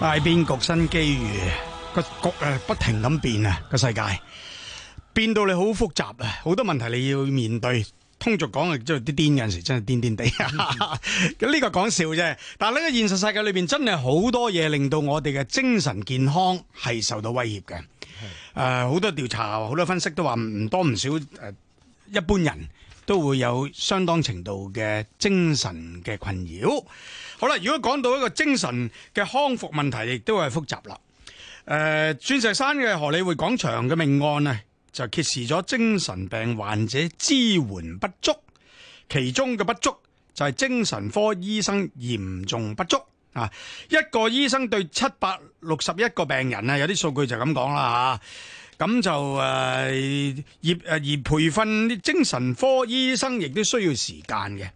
大變局，新機遇，個局、呃、不停咁變啊，個世界變到你好複雜啊，好多問題你要面對。通俗講啊，亦都有啲癲，有陣時真係癲癲地。呢 個講笑啫，但係呢個現實世界裏邊，真係好多嘢令到我哋嘅精神健康係受到威脅嘅。誒的，好、呃、多調查，好多分析都話唔多唔少誒、呃，一般人都會有相當程度嘅精神嘅困擾。好啦，如果講到一個精神嘅康復問題，亦都係複雜啦。誒、呃，鑽石山嘅荷里活廣場嘅命案呢，就揭示咗精神病患者支援不足，其中嘅不足就係精神科醫生嚴重不足啊！一個醫生對七百六十一個病人些啊，有啲數據就咁講啦吓，咁就誒，誒而培訓啲精神科醫生亦都需要時間嘅。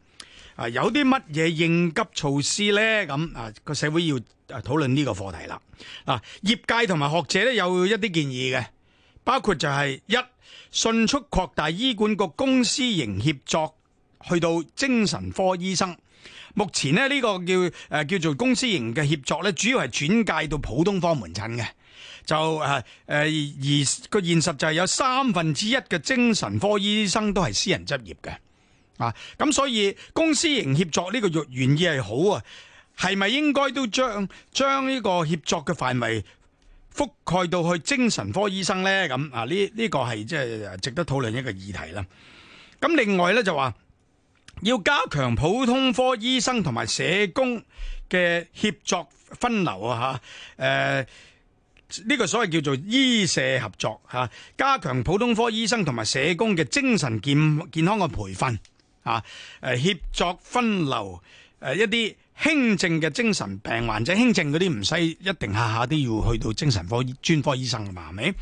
啊！有啲乜嘢應急措施呢？咁啊，個社會要啊討論呢個課題啦。啊，業界同埋學者咧有一啲建議嘅，包括就係、是、一迅速擴大醫管局公私營協作，去到精神科醫生。目前咧呢、這個叫誒、啊、叫做公私營嘅協作咧，主要係轉介到普通科門診嘅。就誒誒、啊，而個現實就係有三分之一嘅精神科醫生都係私人執業嘅。啊！咁所以公私營協作呢個原原意係好啊，係咪應該都將將呢個協作嘅範圍覆蓋到去精神科醫生呢？咁啊，呢呢個係即係值得討論一個議題啦。咁另外呢就話要加強普通科醫生同埋社工嘅協作分流啊！嚇誒，呢個所謂叫做醫社合作嚇，加強普通科醫生同埋社工嘅精神健健康嘅培訓。啊！協助分流誒、啊、一啲輕症嘅精神病患者，輕症嗰啲唔使一定下下都要去到精神科專科醫生啊嘛，咪？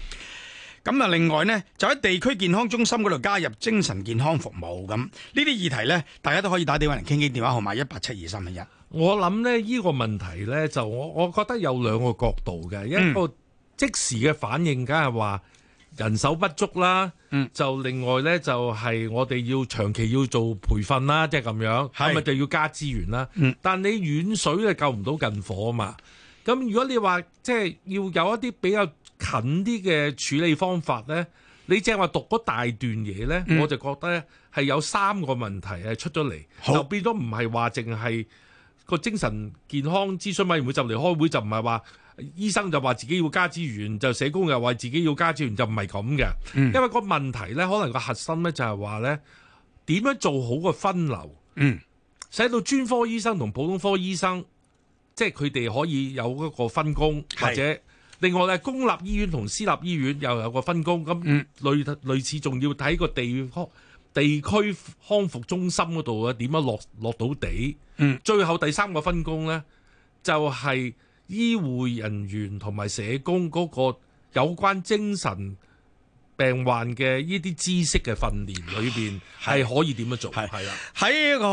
咁啊，另外呢，就喺地區健康中心嗰度加入精神健康服務，咁呢啲議題呢，大家都可以打電話嚟傾傾，電話號碼一八七二三一一。我諗呢、這個問題呢，就我我覺得有兩個角度嘅，嗯、一個即時嘅反應，梗係話。人手不足啦，嗯、就另外呢，就係、是、我哋要長期要做培訓啦，即係咁樣，咁咪是就要加資源啦。嗯、但你遠水就救唔到近火啊嘛。咁如果你話即係要有一啲比較近啲嘅處理方法呢，你正話讀嗰大段嘢呢，嗯、我就覺得係有三個問題係出咗嚟，好就變咗唔係話淨係個精神健康諮詢委員會就嚟開會，就唔係話。醫生就話自己要加資源，就社工又話自己要加資源，就唔係咁嘅。嗯、因為個問題呢，可能個核心呢，就係話呢，點樣做好個分流，嗯、使到專科醫生同普通科醫生，即係佢哋可以有一個分工，是或者另外呢，公立醫院同私立醫院又有個分工。咁類，嗯、類似，仲要睇個地區地區康復中心嗰度嘅點樣落落到地。嗯、最後第三個分工呢，就係、是。醫護人員同埋社工嗰個有關精神病患嘅呢啲知識嘅訓練裏邊，係可以點樣做係？係係啦。喺呢個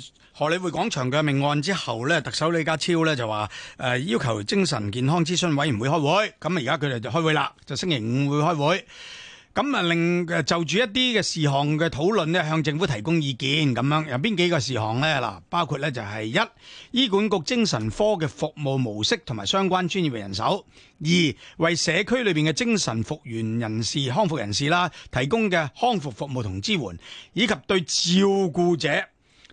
誒荷里活廣場嘅命案之後呢，特首李家超呢就話誒、呃、要求精神健康諮詢委員會開會，咁而家佢哋就開會啦，就星期五會開會。咁啊，另就住一啲嘅事項嘅討論咧，向政府提供意見咁樣。有邊幾個事項咧？嗱，包括咧就係一，醫管局精神科嘅服務模式同埋相關專業嘅人手；二，為社區裏邊嘅精神復原人士、康復人士啦，提供嘅康復服務同支援，以及對照顧者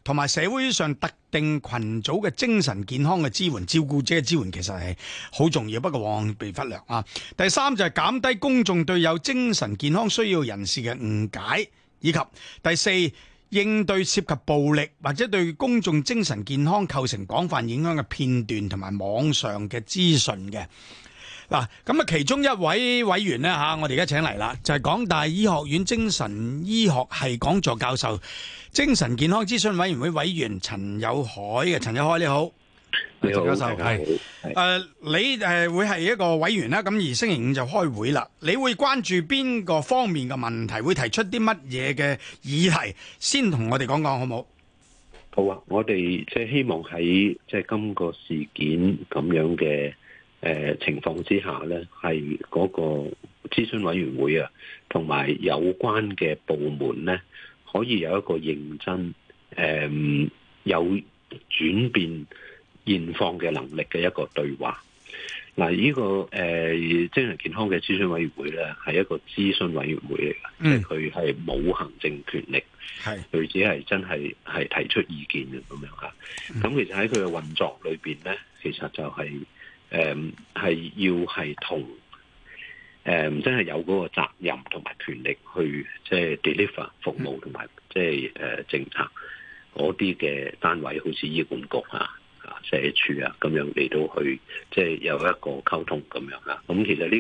同埋社會上特定群組嘅精神健康嘅支援，照顧者嘅支援其實係好重要，不過往往被忽略啊。第三就係減低公眾對有精神健康需要人士嘅誤解，以及第四應對涉及暴力或者對公眾精神健康構成廣泛影響嘅片段同埋網上嘅資訊嘅。嗱，咁啊，其中一位委員呢，吓，我哋而家請嚟啦，就係、是、港大醫學院精神醫學系講座教授、精神健康諮詢委員會委員陳友凱嘅。陳友凱你好，你好教授，係，好，是是呃、你誒會係一個委員啦，咁而星期五就開會啦，你會關注邊個方面嘅問題，會提出啲乜嘢嘅議題，先同我哋講講好唔好？好啊，我哋即係希望喺即係今個事件咁樣嘅。誒，情況之下咧，係嗰個諮詢委員會啊，同埋有關嘅部門咧，可以有一個認真誒，有轉變現況嘅能力嘅一個對話。嗱，呢個誒，精神健康嘅咨詢委員會咧，係一個咨詢委員會嚟噶，即係佢係冇行政權力，係佢只係真係係提出意見嘅咁樣吓。咁其實喺佢嘅運作裏邊咧，其實就係。誒，係要係同唔真係有嗰個責任同埋權力去，即係 deliver 服務同埋即係誒政策嗰啲嘅單位，好似醫管局啊、啊社處啊咁樣嚟到去，即係有一個溝通咁樣啦。咁其實呢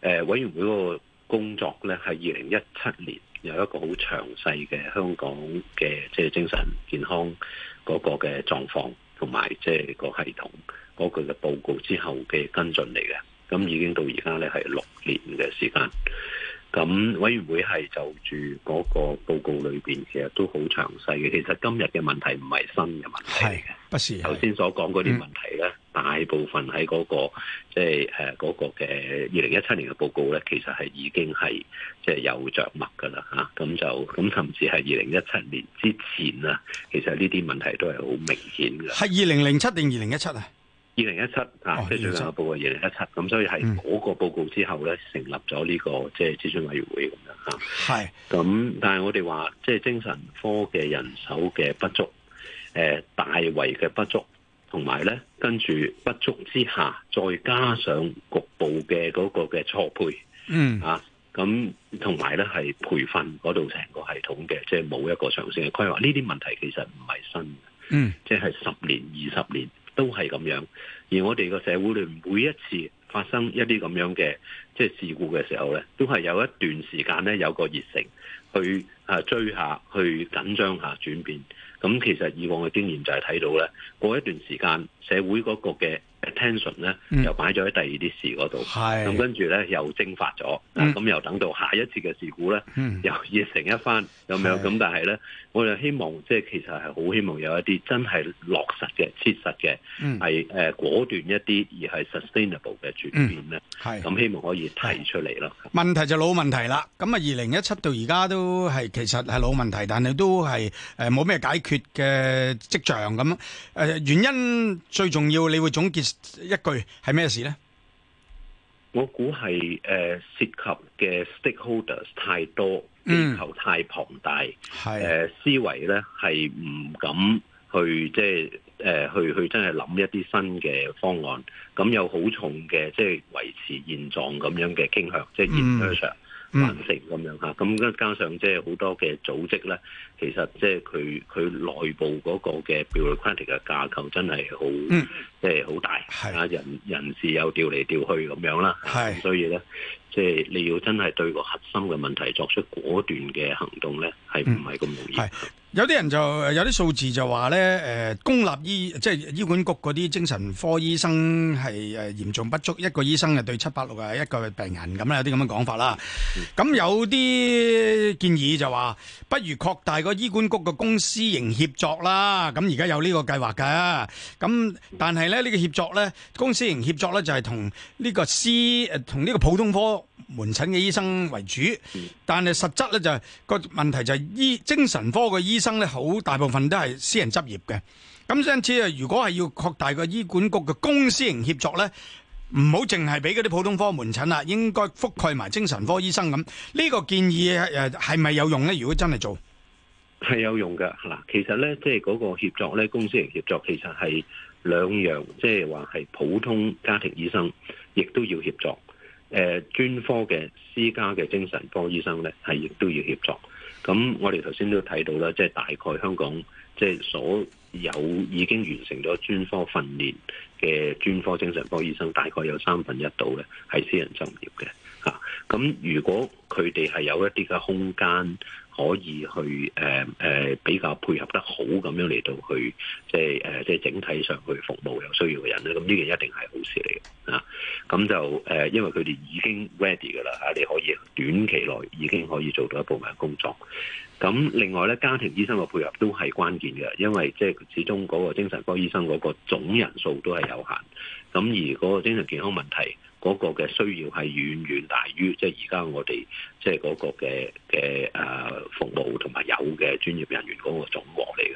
個誒委員會個工作咧，係二零一七年有一個好詳細嘅香港嘅即係精神健康嗰個嘅狀況。同埋即係個系統嗰個嘅報告之後嘅跟進嚟嘅，咁已經到而家咧係六年嘅時間。咁，委員會係就住嗰個報告裏面其實都好詳細嘅。其實今日嘅問題唔係新嘅問題嘅，是不是頭先所講嗰啲問題咧，嗯、大部分喺嗰、嗰個即係嗰個嘅二零一七年嘅報告咧，其實係已經係即係有着墨㗎啦吓。咁就咁甚至係二零一七年之前啦，其實呢啲問題都係好明顯嘅。係二零零七定二零一七啊？二零一七啊，即係、哦、最後嘅報告二零一七，咁所以係嗰個報告之後咧，成立咗呢、這個即係諮詢委員會咁樣嚇。係、啊，咁是但係我哋話，即、就、係、是、精神科嘅人手嘅不足，誒、呃、大圍嘅不足，同埋咧跟住不足之下，再加上局部嘅嗰個嘅錯配，嗯啊，咁同埋咧係培訓嗰度成個系統嘅，即係冇一個長線嘅規劃。呢啲問題其實唔係新嗯，即係十年二十年。都係咁樣，而我哋個社會裏面每一次發生一啲咁樣嘅即係事故嘅時候呢，都係有一段時間呢，有個熱誠去啊追一下去緊張下轉變，咁其實以往嘅經驗就係睇到呢，過一段時間社會嗰個嘅。Attention 咧，又擺咗喺第二啲事嗰度，咁、嗯、跟住咧又蒸發咗，咁、嗯、又等到下一次嘅事故咧，嗯、又熱成一番。有冇？咁是的 但係咧，我哋希望即係其實係好希望有一啲真係落實嘅、切實嘅，係誒、嗯、果斷一啲而係 sustainable 嘅轉變咧，咁希望可以提出嚟咯。問題就老問題啦，咁啊，二零一七到而家都係其實係老問題，但係都係誒冇咩解決嘅跡象咁誒、呃、原因最重要，你會總結。一句係咩事咧？我估係誒涉及嘅 stakeholders 太多，機構太龐大，誒、嗯呃，思維咧係唔敢去即係誒去去真係諗一啲新嘅方案，咁有好重嘅即係維持現狀咁樣嘅傾向，即係 emotion 上。完成咁樣吓，咁加加上即係好多嘅組織咧，其實即係佢佢內部嗰個嘅 bureaucratic 嘅架構真係好，嗯、即係好大。是啊，人人事又調嚟調去咁樣啦。是所以咧，即係你要真係對個核心嘅問題作出果斷嘅行動咧，係唔係咁容易是？有啲人就有啲數字就話咧，誒、呃、公立醫即係醫管局嗰啲精神科醫生係誒嚴重不足，一個醫生啊對七八六啊一個病人咁，有啲咁樣講法啦。咁、嗯、有啲建議就話，不如擴大個醫管局嘅公私營協作啦。咁而家有個呢個計劃嘅。咁但係咧呢個協作咧，公私營協作咧就係同呢個私誒同呢個普通科門診嘅醫生為主。但係實質咧就係個問題就係醫精神科嘅醫。醫生咧好大部分都係私人執業嘅，咁因此啊，如果係要擴大個醫管局嘅公私營協作咧，唔好淨係俾嗰啲普通科門診啦，應該覆蓋埋精神科醫生咁。呢、這個建議誒係咪有用咧？如果真係做，係有用嘅。嗱，其實咧即係嗰個協作咧，公私營協作其實係兩樣，即係話係普通家庭醫生亦都要協作，誒、呃，專科嘅私家嘅精神科醫生咧係亦都要協作。咁我哋頭先都睇到啦，即係大概香港即係所有已經完成咗專科訓練嘅專科精神科醫生，大概有三分一度咧係私人執業嘅吓。咁如果佢哋係有一啲嘅空間。可以去誒誒、呃呃、比較配合得好咁樣嚟到去即係誒即係整體上去服務有需要嘅人咧，咁呢樣一定係好事嚟嘅啊！咁就誒、呃，因為佢哋已經 ready 㗎喇嚇，你可以短期內已經可以做到一部分嘅工作。咁另外咧，家庭醫生嘅配合都係關鍵嘅，因為即係始終嗰個精神科醫生嗰個總人數都係有限。咁而嗰個精神健康問題，嗰個嘅需要係遠遠大於即係而家我哋即係嗰個嘅嘅誒服務同埋有嘅專業人員嗰個總和嚟嘅。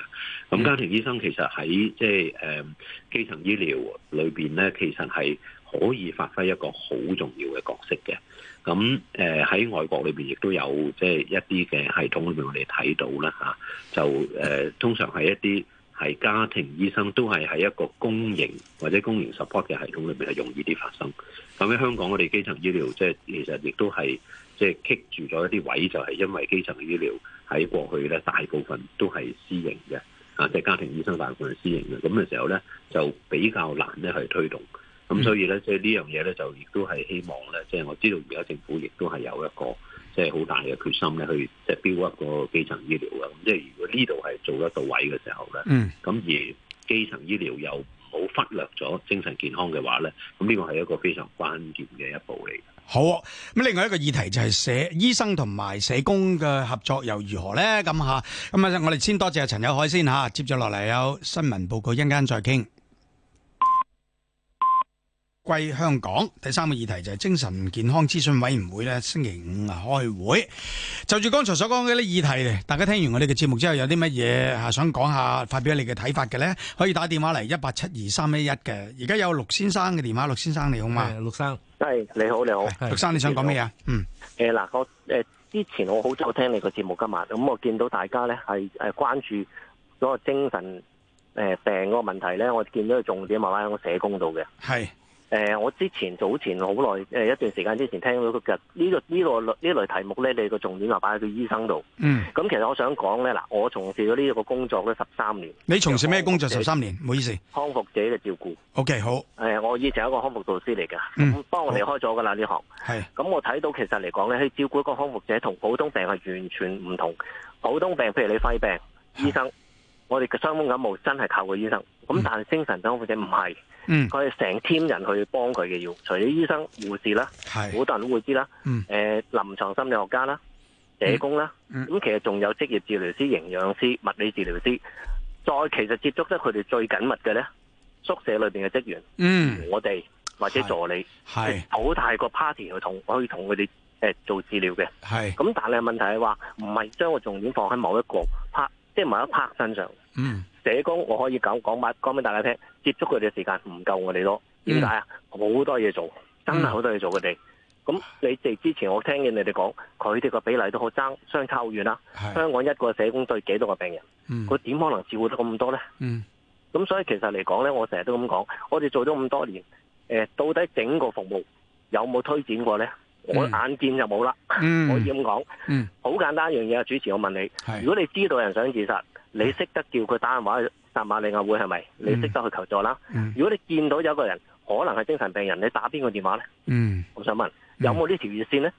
咁家庭醫生其實喺即係誒基層醫療裏邊咧，其實係可以發揮一個好重要嘅角色嘅。咁誒喺外國裏邊亦都有即係一啲嘅系統裏邊我哋睇到啦嚇，就誒通常係一啲。係家庭醫生都係喺一個公營或者公營 support 嘅系統裏邊係容易啲發生。咁喺香港我哋基層醫療即係其實亦都係即係棘住咗一啲位，就係因為基層醫療喺過去咧大部分都係私營嘅，啊即係家庭醫生大部分係私營嘅，咁嘅時候咧就比較難咧去推動。咁所以咧即係呢樣嘢咧就亦都係希望咧即係我知道而家政府亦都係有一個。即係好大嘅決心咧，去即係標一個基層醫療嘅。咁即係如果呢度係做得到位嘅時候咧，咁、嗯、而基層醫療又冇忽略咗精神健康嘅話咧，咁呢個係一個非常關鍵嘅一步嚟。好咁、啊，另外一個議題就係社醫生同埋社工嘅合作又如何咧？咁嚇咁啊！我哋先多謝陳友凱先嚇，接咗落嚟有新聞報告，一陣間再傾。歸香港。第三個議題就係精神健康諮詢委員會咧，星期五啊開會。就住剛才所講嘅啲議題咧，大家聽完我哋嘅節目之後，有啲乜嘢想講下，發表你嘅睇法嘅咧，可以打電話嚟一八七二三一一嘅。而家有陸先生嘅電話，陸先生你好嘛？陸生，係你好，你好，陸生，你想講咩呀？好嗯，誒嗱、呃，我誒之前我好早聽你個節目，今晚咁、嗯、我見到大家咧係誒關注嗰個精神誒病嗰個問題咧，我見到個重點慢慢喺個社工度嘅，係。誒、呃，我之前早前好耐誒一段時間之前聽到、這個嘅呢、這個呢個呢類題目咧，你個重點就擺喺佢醫生度。嗯。咁其實我想講咧，嗱，我從事咗呢個工作咧十三年。你從事咩工作十三年？唔好意思。康復者嘅照顧。O、okay, K，好。誒、呃，我以前係一個康復導師嚟㗎，嗯，幫我離開咗噶啦呢行。係是。咁、嗯、我睇到其實嚟講咧，去照顧一個康復者同普通病係完全唔同。普通病譬如你肺病，醫生，嗯、我哋嘅傷風感冒真係靠個醫生。咁但係精神康復者唔係，佢係成 team 人去幫佢嘅，要除咗醫生、護士啦，好多人都會知啦，誒臨床心理學家啦、社工啦，咁其實仲有職業治療師、營養師、物理治療師，再其實接觸得佢哋最緊密嘅咧，宿舍裏邊嘅職員，嗯，我哋或者助理係好大個 party 去同可以同佢哋誒做治療嘅，係，咁但係問題係話唔係將個重點放喺某一個 part，即係某一 part 身上，嗯。社工我可以講講埋，講俾大家聽，接觸佢哋嘅時間唔夠我哋多，點解啊？好、mm. 多嘢做，真係好多嘢做佢哋。咁、mm. 你哋之前我聽見你哋講，佢哋個比例都好爭相差好遠啦。是香港一個社工對幾多個病人？佢點、mm. 可能照顧得咁多咧？咁、mm. 所以其實嚟講咧，我成日都咁講，我哋做咗咁多年，到底整個服務有冇推展過呢？我眼見就冇啦。Mm. 可以咁講。好、mm. 簡單一樣嘢啊，主持我問你，是如果你知道人想自殺？你識得叫佢打電話去薩馬利亞會係咪？是不是嗯、你識得去求助啦。嗯、如果你見到有個人可能係精神病人，你打邊個電話呢？嗯，我想問有冇呢條熱線呢？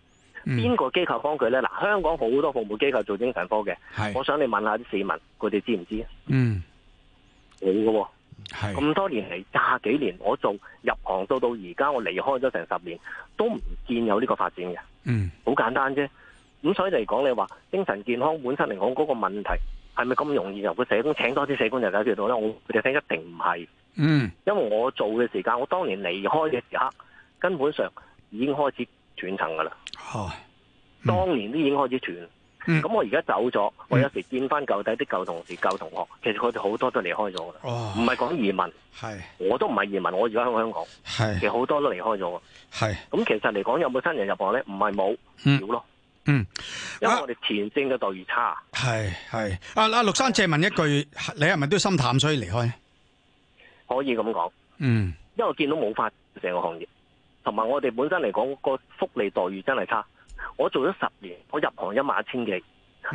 邊、嗯、個機構幫佢呢？嗱，香港好多服務機構做精神科嘅，是我想你問下啲市民佢哋知唔知？嗯，冇嘅喎，咁是多年嚟廿幾年我做入行到到而家，我離開咗成十年都唔見有呢個發展嘅。嗯，好簡單啫。咁所以嚟講，你話精神健康本身嚟講嗰個問題。係咪咁容易由個社工請多啲社工就解決到咧？我佢哋聽一定唔係。嗯。因為我做嘅時間，我當年離開嘅時刻，根本上已經開始斷層㗎啦。當、哦嗯、當年都已經開始斷。嗯。咁我而家走咗，我有時見翻舊底啲舊同事、舊同學，其實佢哋好多都離開咗㗎啦。哦。唔係講移民。係是我都唔係移民，我而家喺香港。係是。其實好多都離開咗㗎。咁是、嗯、其實嚟講有冇新人入行咧？唔係冇，少、嗯、咯。嗯，因為我哋前線嘅待遇差，係係，阿阿陸生借問一句，你係咪都心淡所以離開呢？可以咁講，嗯，因為我見到冇法成個行業，同埋我哋本身嚟講個福利待遇真係差。我做咗十年，我入行一萬一千幾，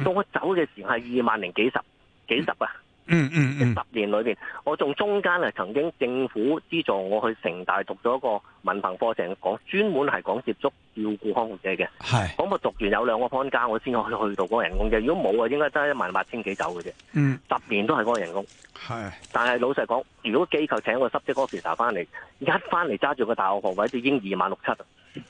到我走嘅時候係二萬零幾十，幾十啊！嗯嗯，嗯嗯十年裏邊，我仲中間咧曾經政府資助我去城大讀咗個文憑課程，講專門係講接觸照顧康復者嘅。係是，咁我讀完有兩個範疇，我先可以去到嗰個人工嘅。如果冇啊，應該得一萬八千幾走嘅啫。嗯，十年都係嗰個人工。係是，但係老實講，如果機構請個濕職觀察員翻嚟，一翻嚟揸住個大學學位，就已經二萬六七。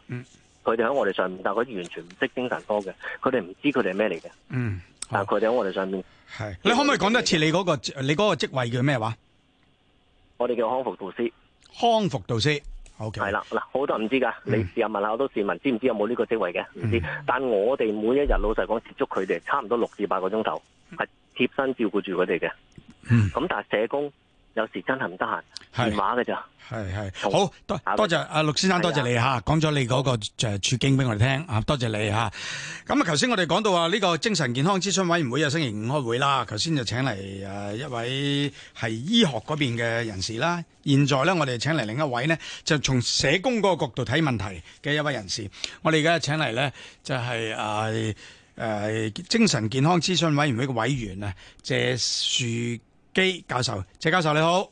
嗯，佢哋喺我哋上面，但佢完全唔識精神科嘅，佢哋唔知佢哋係咩嚟嘅。嗯。但佢哋喺我哋上邊，係，你可唔可以講得次、那個？你嗰個你嗰個職位叫咩話？我哋叫康復導師，康復導師，好、okay. 嘅，係啦嗱，好多人唔知噶，你試下問一下，我都試問，知唔知有冇呢個職位嘅？唔知、嗯，但我哋每一日老實講接觸佢哋，差唔多六至八個鐘頭，係貼身照顧住佢哋嘅。咁、嗯、但係社工。有時真係唔得閒，電話嘅咋。係係，好多多謝阿陸先生，多謝你吓，講咗你嗰個就係處境俾我哋聽啊，多謝你吓。咁啊，頭先我哋講到話呢個精神健康諮詢委員會啊，星期五開會啦。頭先就請嚟誒一位係醫學嗰邊嘅人士啦。現在咧，我哋請嚟另一位咧，就從社工嗰個角度睇問題嘅一位人士。我哋而家請嚟咧，就係誒誒精神健康諮詢委員會嘅委員啊，謝樹基教授，謝教授你好，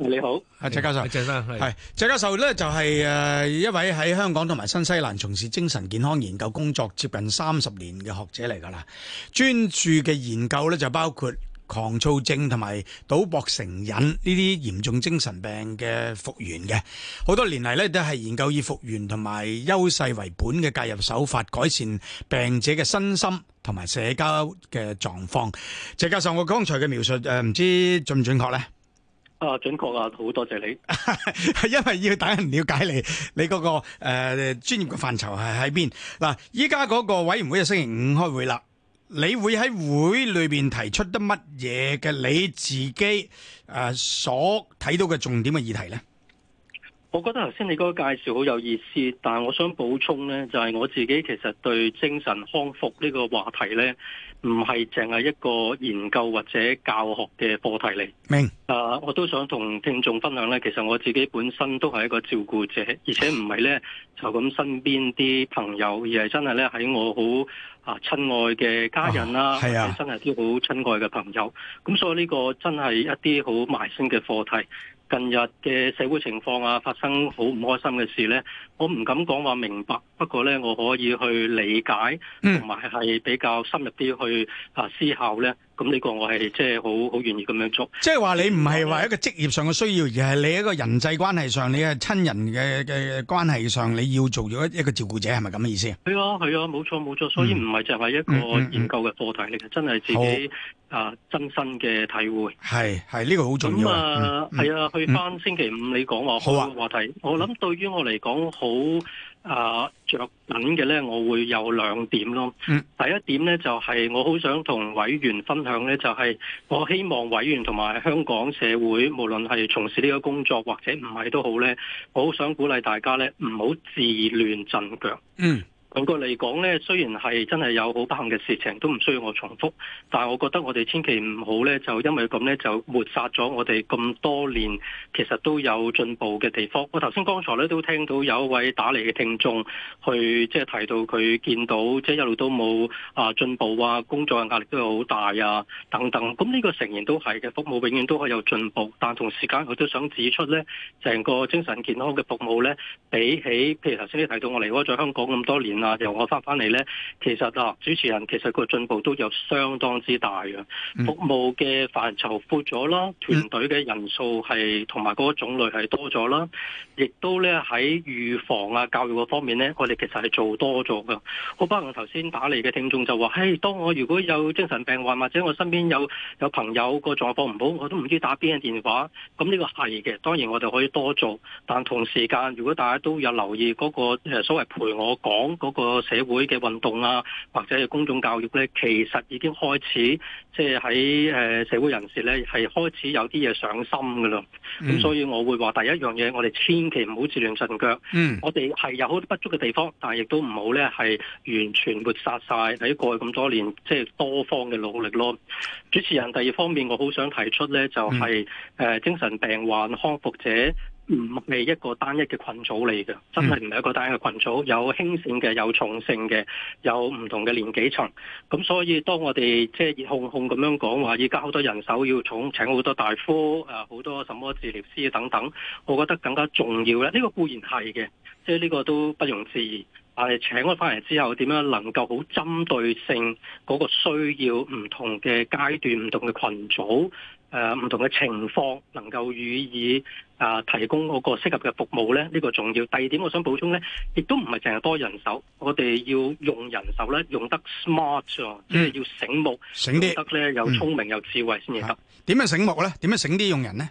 你好，啊謝教授，謝生係，謝教授咧就係、是、誒一位喺香港同埋新西蘭從事精神健康研究工作接近三十年嘅學者嚟噶啦，專注嘅研究咧就包括，狂躁症同埋賭博成癮呢啲嚴重精神病嘅復原嘅，好多年嚟呢都係研究以復原同埋優勢為本嘅介入手法，改善病者嘅身心同埋社交嘅狀況。謝教授，我剛才嘅描述誒，唔知準唔準確呢？啊，準確啊，好多謝你。 因為要等人了解你，你嗰、那個誒專、呃、業嘅範疇係喺邊嗱？依家嗰個委員會啊，星期五開會啦。你會喺會裏邊提出得乜嘢嘅你自己誒所睇到嘅重點嘅議題咧？我覺得頭先你嗰個介紹好有意思，但我想補充呢，就係、是、我自己其實對精神康復呢個話題呢，唔係淨係一個研究或者教學嘅課題嚟。明白，啊，我都想同聽眾分享呢，其實我自己本身都係一個照顧者，而且唔係呢就咁身邊啲朋友，而係真係呢喺我好啊親愛嘅家人啦，係、哦、啊，真係啲好親愛嘅朋友。咁所以呢個真係一啲好埋身嘅課題。近日嘅社會情況啊，發生好唔開心嘅事呢，我唔敢講話明白，不過呢，我可以去理解，同埋係比較深入啲去啊思考呢。咁呢個我係即係好好願意咁樣做。即係話你唔係話一個職業上嘅需要，而係你一個人際關係上，你嘅親人嘅嘅關係上，你要做咗一一個照顧者，係咪咁嘅意思啊？係啊，係啊，冇錯冇錯，所以唔係淨係一個研究嘅課題，其實真係自己啊真身嘅體會。係係呢個好重要。咁啊，係啊，去返星期五你講話好嘅話題，我諗對於我嚟講好。啊，着緊嘅咧，我會有兩點咯。第一點咧，就係我好想同委員分享咧，就係我希望委員同埋香港社會，無論係從事呢個工作或者唔係都好咧，我好想鼓勵大家咧，唔好自亂陣腳。嗯總個嚟講咧，雖然係真係有好不幸嘅事情，都唔需要我重複。但係我覺得我哋千祈唔好咧，就因為咁咧就抹殺咗我哋咁多年其實都有進步嘅地方。我頭先剛才咧都聽到有一位打嚟嘅聽眾去即係提到佢見到即係、就是、一路都冇啊進步啊，工作嘅壓力都好大啊等等。咁呢個成員都係嘅服務，永遠都係有進步。但同時間我都想指出咧，成個精神健康嘅服務咧，比起譬如頭先你提到我離開咗香港咁多年。嗱，由我返返嚟咧，其實啊，主持人其實個進步都有相當之大嘅，服務嘅範疇闊咗啦，團隊嘅人數係同埋嗰種類係多咗啦，亦都咧喺預防啊、教育嗰方面咧，我哋其實係做多咗嘅。好，包括頭先打嚟嘅聽眾就話：嘿，當我如果有精神病患，或者我身邊有有朋友個狀況唔好，我都唔知打邊個電話。咁、嗯、呢、這個係嘅，當然我哋可以多做，但同時間如果大家都有留意嗰、那個所謂陪我講個社會嘅運動啊，或者係公眾教育咧，其實已經開始，即係喺誒社會人士咧係開始有啲嘢上心噶啦。咁、嗯、所以我會話第一樣嘢，我哋千祈唔好自亂陣腳。嗯，我哋係有好多不足嘅地方，但係亦都唔好咧係完全抹殺晒喺過去咁多年即係多方嘅努力咯。主持人，第二方面我好想提出咧，就係、是、誒、嗯呃、精神病患康復者。唔係一個單一嘅群組嚟嘅，真係唔係一個單一嘅群組，有輕性嘅，有重性嘅，有唔同嘅年紀層。咁所以當我哋即係熱烘烘咁樣講話，而家好多人手要重請好多大夫啊，好多什麼治療師等等。我覺得更加重要咧，呢個固然係嘅，即係呢個都不容置疑。但係請咗翻嚟之後，點樣能夠好針對性嗰個需要，唔同嘅階段，唔同嘅群組？誒、唔、呃、同嘅情況，能夠予以啊、呃、提供嗰個適合嘅服務咧，呢、呢個重要。第二點，我想補充咧，亦都唔係淨係多人手，我哋要用人手咧，用得 smart，、嗯、即係要醒目，醒啲點得咧又聰明又、嗯、智慧先至得。點、啊、樣醒目咧？點樣醒啲用人咧？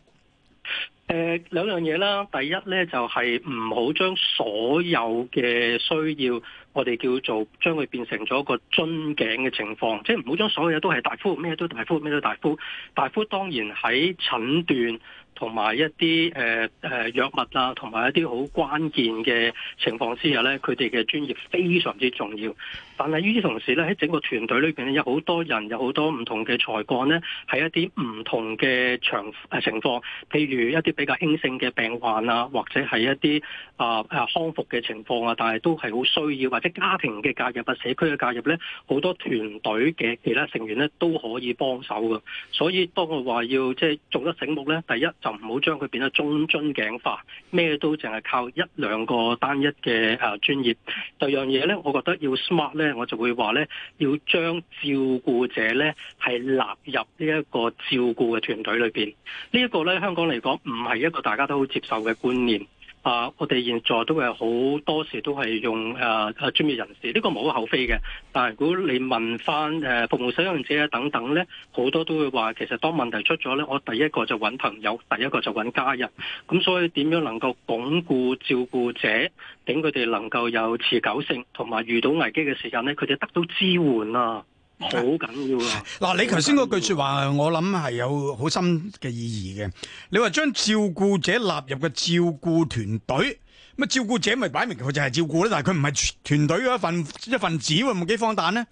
誒、呃、兩樣嘢啦，第一咧就係唔好將所有嘅需要，我哋叫做將佢變成咗一個樽頸嘅情況，即係唔好將所有嘢都係大夫，咩都大夫，咩都大夫，大夫當然喺診斷。同埋一啲誒誒藥物啊，同埋一啲好關鍵嘅情況之下咧，佢哋嘅專業非常之重要。但係與此同時咧，喺整個團隊裏邊咧，有好多人，有好多唔同嘅才幹咧，喺一啲唔同嘅場誒情況，譬如一啲比較輕性嘅病患啊，或者係一啲啊啊康復嘅情況啊，但係都係好需要，或者家庭嘅介入或社區嘅介入咧，好多團隊嘅其他成員咧都可以幫手㗎。所以當我話要即係做得醒目咧，第一唔好將佢變得中樽頸化，咩都淨係靠一兩個單一嘅誒專業。第二樣嘢呢，我覺得要 smart 呢，我就會話呢，要將照顧者呢係納入呢一個照顧嘅團隊裏邊。呢一個呢，香港嚟講唔係一個大家都好接受嘅觀念。啊！我哋現在都係好多時都係用誒誒、啊、專業人士，呢個無可厚非嘅。但係如果你問翻誒服務使用者等等呢，好多都會話其實當問題出咗呢，我第一個就揾朋友，第一個就揾家人。咁所以點樣能夠鞏固照顧者，等佢哋能夠有持久性，同埋遇到危機嘅時間呢，佢哋得到支援啊！好緊要啊！嗱，你頭先嗰句說話，我諗係有好深嘅意義嘅。你話將照顧者納入個照顧團隊，乜照顧者咪擺明佢就係照顧咧？但係佢唔係團隊嘅一份一份子喎，唔幾荒誕咧？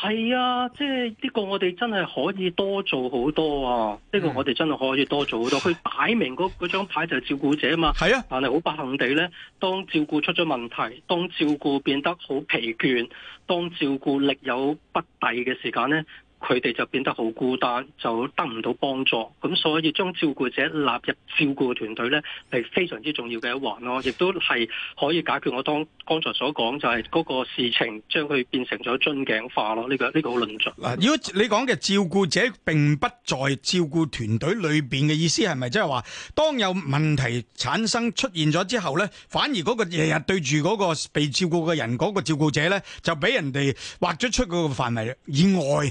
係啊，即係呢個我哋真係可以多做好多啊！呢個，嗯，我哋真係可以多做好多。佢擺明嗰張牌就係照顧者啊嘛。係啊，但係好不幸地呢，當照顧出咗問題，當照顧變得好疲倦，當照顧力有不逮嘅時間呢。佢哋就變得好孤單，就得唔到幫助，咁所以將照顧者納入照顧團隊咧，係非常之重要嘅一環咯、啊。亦都係可以解決我當剛才所講就係嗰個事情，將佢變成咗樽頸化咯、啊。呢、這個呢、這個好論述。如果你講嘅照顧者並不在照顧團隊裏邊嘅意思，係咪即係話，當有問題產生出現咗之後咧，反而嗰個日日對住嗰個被照顧嘅人嗰、那個照顧者咧，就俾人哋劃咗出個範圍以外？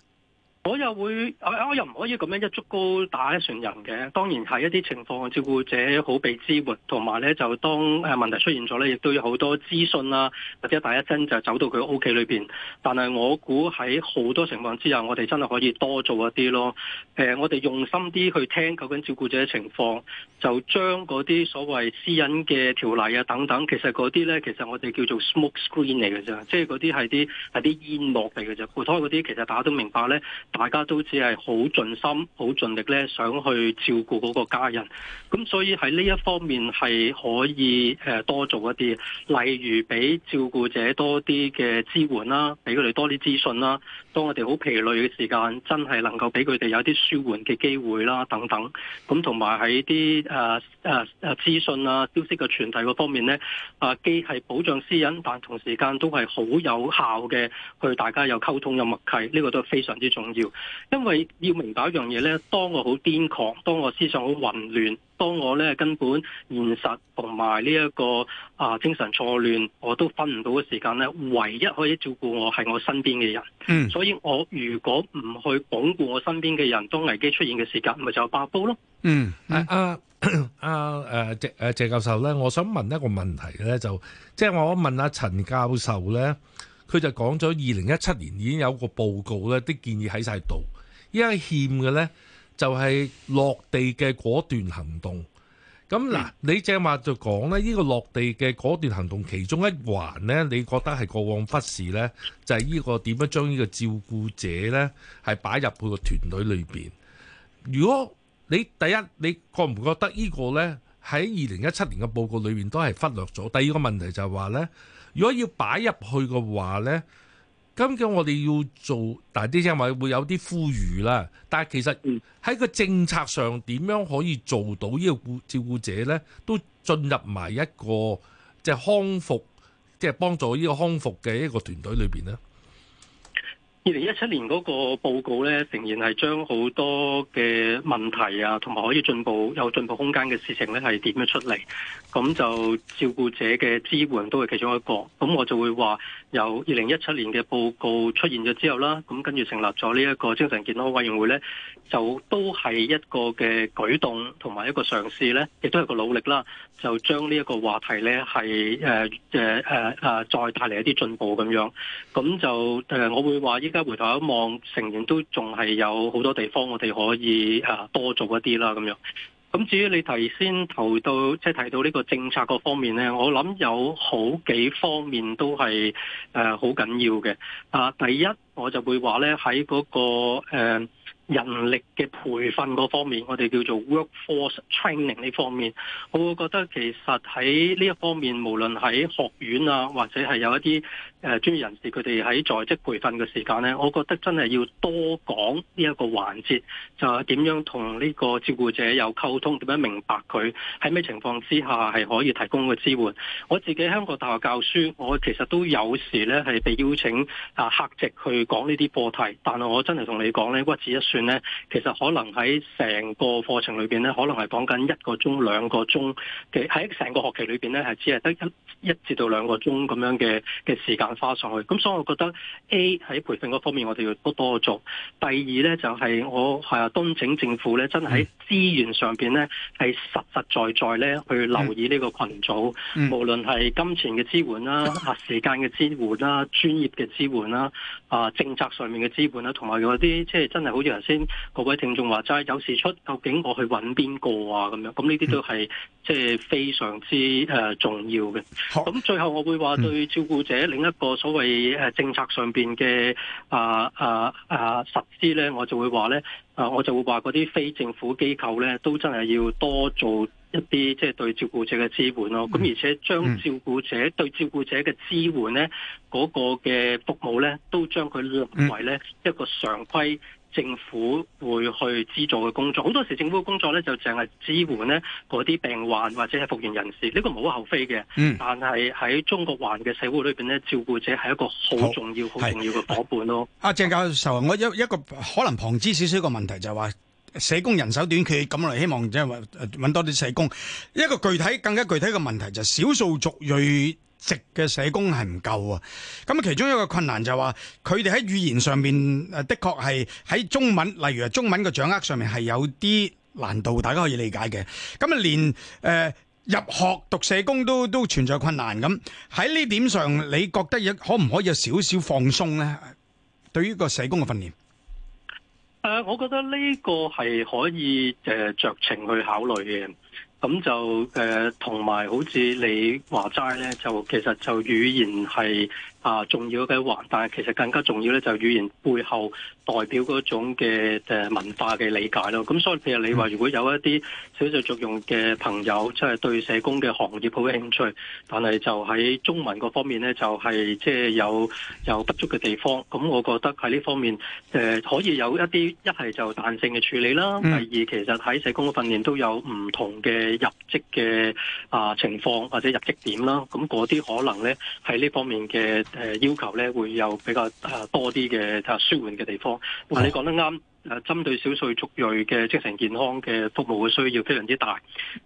我又會，我又唔可以咁樣一足高打一船人嘅。當然係一啲情況，照顧者好被支援，同埋咧就當誒問題出現咗咧，亦都有好多資訊啦，或者第一針就走到佢屋企裏面。但係我估喺好多情況之下，我哋真係可以多做一啲咯。誒、呃，我哋用心啲去聽究竟照顧者嘅情況，就將嗰啲所謂私隱嘅條例啊等等，其實嗰啲咧其實我哋叫做 smoke screen 嚟嘅啫，即係嗰啲係啲係啲煙幕嚟嘅啫。普通嗰啲其實大家都明白咧。大家都只係好盡心、好盡力咧，想去照顧嗰個家人。咁所以喺呢一方面係可以誒多做一啲，例如俾照顧者多啲嘅支援啦，俾佢哋多啲資訊啦。當我哋好疲累嘅時間，真係能夠俾佢哋有啲舒緩嘅機會啦，等等。咁同埋喺啲誒誒誒資訊啊、消息嘅傳遞嗰方面咧，啊既係保障私隱，但同時間都係好有效嘅，去大家有溝通有默契，呢、這個都係非常之重要。因為要明白一樣嘢咧，當我好癲狂，當我思想好混亂，當我咧根本現實同埋呢一個啊精神錯亂，我都分唔到嘅時間咧，唯一可以照顧我係我身邊嘅人。嗯，所以我如果唔去鞏固我身邊嘅人，當危機出現嘅時間，咪就係爆煲咯。嗯，阿阿誒，謝誒、啊、謝教授咧，我想問一個問題咧，就即係、就是、我問阿陳教授咧。佢就講咗，二零一七年已經有個報告呢，啲建議喺晒度。依家欠嘅呢就係、是、落地嘅嗰段行動。咁嗱，嗯、你正話就講呢，呢、呢個落地嘅嗰段行動其中一環呢，你覺得係過往忽視呢？就係、是、呢個點樣將呢個照顧者呢係擺入佢個團隊裏面。如果你第一，你覺唔覺得呢個呢喺二零一七年嘅報告裏面都係忽略咗？第二個問題就係話呢。如果要擺入去嘅話咧，咁叫我哋要做，大啲聲話會有啲呼籲啦。但係其實喺個政策上點樣可以做到呢個照顧者咧，都進入埋一個即係康復，即係幫助呢個康復嘅一個團隊裏邊咧。二零一七年嗰個報告咧，仍然係將好多嘅問題啊，同埋可以進步、有進步空間嘅事情咧，係點樣出嚟？咁就照顧者嘅支援都係其中一個。咁我就會話，由二零一七年嘅報告出現咗之後啦，咁跟住成立咗呢一個精神健康委員會咧，就都係一個嘅舉動，同埋一個嘗試咧，亦都係個努力啦。就將呢一個話題呢係誒誒再帶嚟一啲進步咁樣。咁就、呃、我會話依家回頭一望，仍然都仲係有好多地方我哋可以、呃、多做一啲啦，咁樣。咁，至於你頭先提到即係提到呢、就是、個政策各方面呢，我諗有好幾方面都係誒好緊要嘅。啊、呃，第一我就會話呢喺嗰、那個、呃人力嘅培訓嗰方面，我哋叫做 workforce training 呢方面，我會覺得其實喺呢一方面，無論喺學院啊，或者係有一啲誒專業人士佢哋喺在職培訓嘅時間咧，我覺得真係要多講呢一個環節，就係點樣同呢個照顧者有溝通，點樣明白佢喺咩情況之下係可以提供嘅支援。我自己香港大學教書，我其實都有時咧係被邀請啊客席去講呢啲課題，但係我真係同你講咧，屈指一算。咧，其實可能喺成個課程裏邊咧，可能係講緊一個鐘兩個鐘嘅喺成個學期裏邊咧，係只係得一一至到兩個鐘咁樣嘅嘅時間花上去。咁所以我覺得 A 喺培訓嗰方面，我哋要多多做。第二咧就係我係啊，東京政府咧真係喺資源上邊咧係實實在在咧去留意呢個群組，無論係金錢嘅支援啦、時間嘅支援啦、專業嘅支援啦、啊政策上面嘅支援啦，同埋嗰啲即係真係好似人。各位聽眾話齋，有事出，究竟我去揾邊個啊？咁樣，咁呢啲都係即係非常之誒、呃、重要嘅。咁最後我會話對照顧者，另一個所謂誒政策上邊嘅啊啊啊實施咧，我就會話咧啊，我就會話嗰啲非政府機構咧，都真係要多做一啲即係對照顧者嘅支援咯。咁而且將照顧者對照顧者嘅支援咧，嗰、嗰個嘅服務咧，都將佢列為咧一個常規。政府會去資助嘅工作，好多時政府嘅工作咧就淨係支援咧嗰啲病患或者係復原人士，呢、這個無可厚非嘅。嗯，但係喺中國環嘅社會裏邊咧，照顧者係一個好重要、好很重要嘅伙伴咯。阿鄭教授，我一一個可能旁支少少嘅問題就係、是、話社工人手短缺，咁嚟希望即係揾多啲社工。一個具體更加具體嘅問題就係、是、少數族裔。直嘅社工係唔夠啊！咁其中一個困難就係話佢哋喺語言上面的確係喺中文，例如中文嘅掌握上面係有啲難度，大家可以理解嘅。咁啊，連、呃、入學讀社工都都存在困難。咁喺呢點上，你覺得可唔可以有少少放鬆呢？對於個社工嘅訓練，誒、呃，我覺得呢個係可以誒酌、呃、情去考慮嘅。咁就誒，同埋好似你話齋咧，就其實就語言係啊，重要嘅環，但係其實更加重要咧，就語言背後代表嗰種嘅誒文化嘅理解咯。咁所以譬如你話，如果有一啲小，小作作用嘅朋友，即、就、係、是、對社工嘅行業好興趣，但係就喺中文嗰方面咧，就係即係有有不足嘅地方。咁我覺得喺呢方面，誒可以有一啲一係就彈性嘅處理啦。嗯、第二，其實喺社工嘅訓練都有唔同嘅入職嘅啊情況或者入職點啦。咁嗰啲可能咧喺呢方面嘅。誒、呃、要求咧會有比較誒、啊、多啲嘅、啊、舒緩嘅地方，但、啊、你講得啱。誒，針對少數族裔嘅精神健康嘅服務嘅需要非常之大，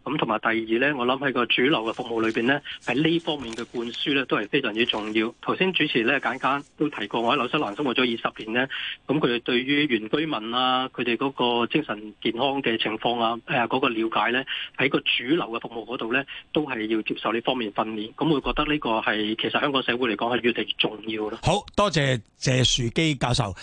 咁同埋第二咧，我諗喺個主流嘅服務裏面咧，喺呢方面嘅灌輸咧都係非常之重要。頭先主持咧簡簡都提過，我喺紐西蘭生活咗二十年咧，咁佢哋對於原居民啊，佢哋嗰個精神健康嘅情況啊，誒嗰個了解咧，喺個主流嘅服務嗰度咧，都係要接受呢方面訓練。咁我覺得呢個係其實香港社會嚟講係越嚟越重要咯。好多謝謝樹基教授。